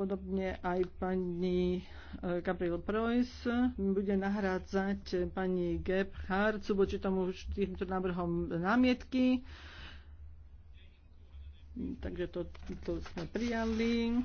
Podobne aj pani e, Gabriel Preuss bude nahrádzať pani Gebhardt. Sú voči tomu týmto návrhom námietky. Takže to, to sme prijali.